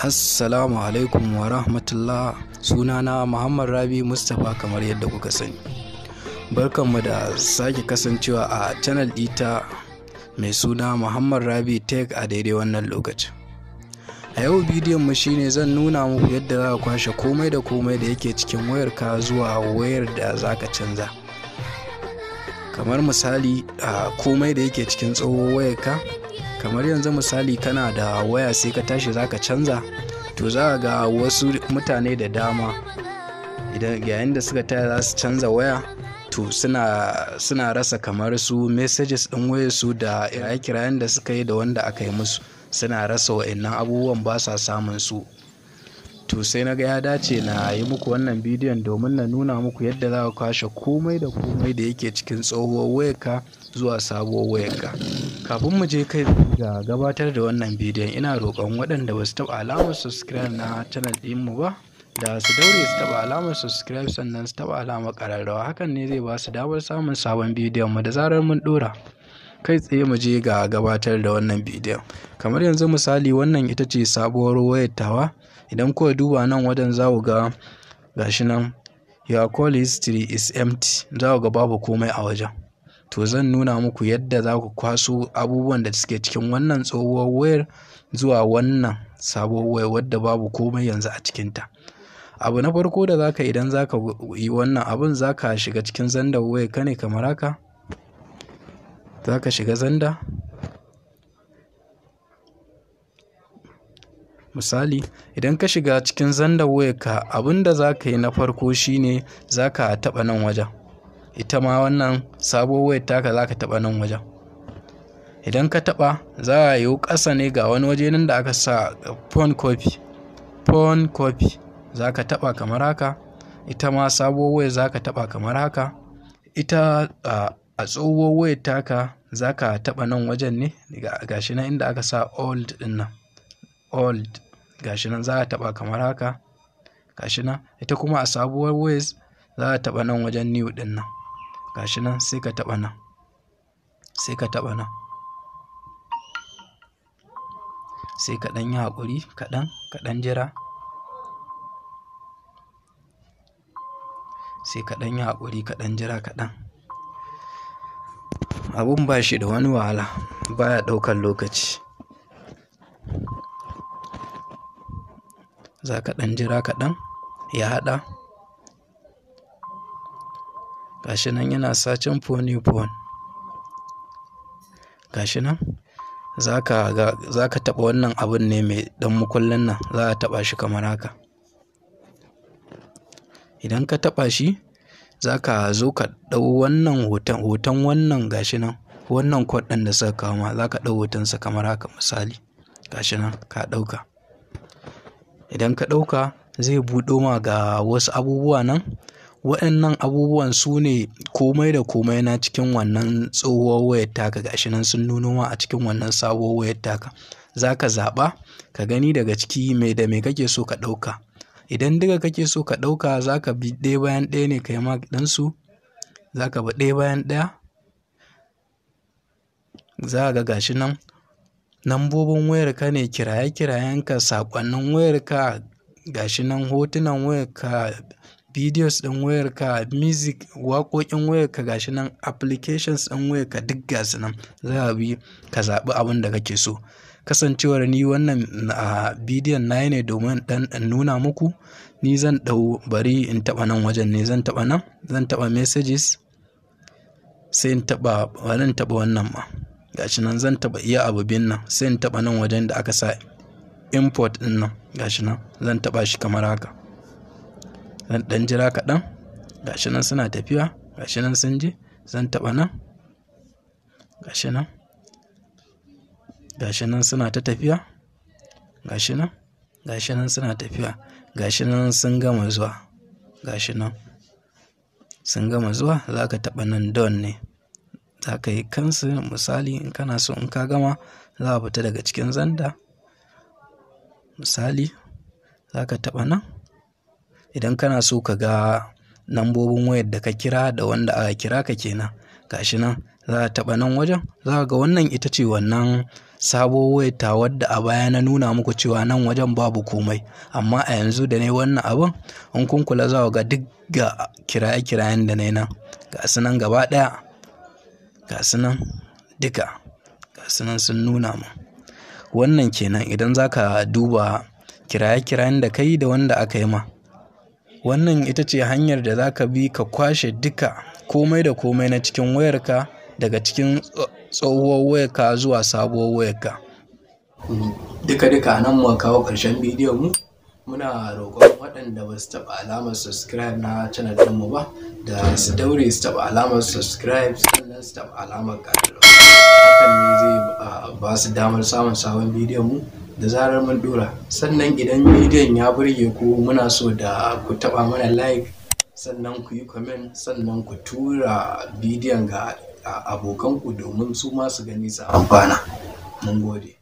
Assalamu alaikum wa rahmatullah sunana Muhammad Rabi Mustapha kamar yadda kuka sani. Barkanmu da sake kasancewa a channel dita mai suna Muhammad Rabi Tech a daidai wannan lokacin. A yau bidiyon mu shine zan nuna muku yadda za ka kwashe komai da komai da yake cikin wayar ka zuwa wayar da za ka canza. Kamar misali a komai da yake cikin tsoho wayar ka, kamar yanzu misali kana da waya sai ka tashi za ka canza, to za ga wasu mutane da dama idan yayin da suka taya za su canza waya to suna rasa kamar su messages ɗin su da kiraye-kirayen da suka yi da wanda aka yi musu. suna rasa wa'annan abubuwan ba sa samun su to sai na ga ya dace na yi muku wannan bidiyon domin na nuna muku yadda za ka kwashe komai da komai da yake cikin tsohuwar wayarka zuwa sabuwar wayarka kafin mu je kai ga gabatar da wannan bidiyon ina roƙon waɗanda ba su taɓa alamar subscribe na channel ɗinmu ba da su daure su taɓa alamar subscribe sannan su taɓa alamar ƙararrawa, hakan ne zai ba su damar samun sabon bidiyon mu da zarar mun ɗora. kai tsaye mu je ga gabatar da wannan bidiyon kamar yanzu misali wannan ita ce sabuwar wayar tawa idan kuka duba nan wajen za ku ga gashi nan your call history is empty za ga babu komai a wajen to zan nuna muku yadda za ku kwaso abubuwan da suke cikin wannan tsohuwar wayar zuwa wannan sabuwar wayar wadda babu komai yanzu a cikinta abu na farko da za ka idan za ka yi wannan abin za ka shiga cikin zandar wayar ka ne kamar haka Za ka shiga zanda? Misali, idan ka shiga cikin zandar wayarka, abin da za ka yi na farko shine za ka taɓa nan wajen. Ita ma wannan sabuwar wayar taka za ka taɓa nan wajen. Idan ka taɓa, za a yiwu ƙasa ne ga wani waje nan da aka sa phone copy. Phone copy za ka taɓa kamar haka. Ita ma sabuwar wayar za ka taɓa kamar haka. Ita, ah, a tsohuwar wayar taka za ka taɓa nan wajen ne ga shi nan inda aka sa old ɗin nan old ga shi nan za ka taɓa kamar haka shi nan ita kuma a sabuwar waya za ka taɓa nan wajen new ɗin nan shi nan sai ka taɓa nan sai ka taɓa nan sai ka ɗan yi haƙuri kaɗan kaɗan jira sai ka ɗan yi haƙuri kaɗan jira kaɗan abun ba shi da wani wahala baya ɗaukan lokaci za ka ɗan jira kaɗan ya haɗa gashi nan yana sacin phone phone gashi nan za ka taɓa wannan abun ne mai ɗan mukullin nan za a taɓa shi kamar haka idan ka taɓa shi za ka zo ka ɗau wannan hoton hoton wannan gashi nan wannan kod ɗin da suka kawo ma za ka ɗau hotonsa kamar haka misali gashi nan ka ɗauka idan ka ɗauka zai buɗo ma ga wasu abubuwa nan waɗannan abubuwan su ne komai da komai na cikin wannan tsohuwar wayar taka gashi nan sun nuno ma a cikin wannan sabuwar wayar taka za ka zaɓa ka gani daga ciki mai da mai kake so ka ɗauka idan duka kake so ka ɗauka za ka bi ɗaya bayan ɗaya ne ka yi mark ɗinsu za ka bi ɗaya bayan ɗaya za ga gashi nan lambobin wayarka ne kiraye-kirayenka saƙonnin wayarka gashi nan hotunan wayarka videos ɗin wayarka music waƙoƙin wayarka gashi nan applications ɗin wayarka duk gasu nan za a bi ka zaɓi abin da kake so kasancewar ni wannan bidiyon na ne domin ɗan nuna muku ni zan ɗau bari in taɓa nan wajen ne zan taɓa nan zan taɓa messages sai in taɓa bari in taɓa wannan ma gashi nan zan taɓa iya abu nan sai in taɓa nan wajen da aka sa import ɗin nan gashi nan zan taɓa shi kamar haka zan ɗan jira kaɗan gashi nan suna tafiya gashi nan sun je zan taɓa nan gashi nan gashi nan suna ta tafiya gashi nan gashi nan suna tafiya gashi nan sun gama zuwa gashi nan sun gama zuwa za ka taɓa nan don ne za ka yi kansu misali in kana so in ka gama za a fita daga cikin zanda misali za ka taɓa nan idan kana so ka ga lambobin wayar da ka kira da wanda aka kira ka kenan gashi nan za a taɓa nan wajen za ka ga wannan ita ce wannan sabo wayar ta wadda a baya na nuna muku cewa nan wajen babu komai amma a yanzu da ne wannan abin in kun kula za ga duk ga kiraye-kirayen da na nan ga su nan gaba ɗaya ga su nan duka ga su nan sun nuna mu wannan kenan idan za ka duba kiraye-kirayen da kai da wanda aka yi ma Wannan ita ce hanyar da za ka bi ka kwashe duka komai da komai na cikin wayarka daga cikin tsohuwar wayarka zuwa sabuwar wayarka. Duka-duka nan muka kawo ƙarshen bidiyon mu. Muna roƙon waɗanda ba su taɓa alamar subscribe na channel ɗinmu ba da su daure su taɓa alamar subscribe sannan su taɓa alamar ƙarfi Hakan ne zai ah, ba su damar samun sabon bidiyon mu. da zarar mun dora sannan idan bidiyon ya burge ku muna so da ku taba mana like sannan ku yi comment sannan ku tura bidiyon ga abokanku domin su ma su gani su amfana mun gode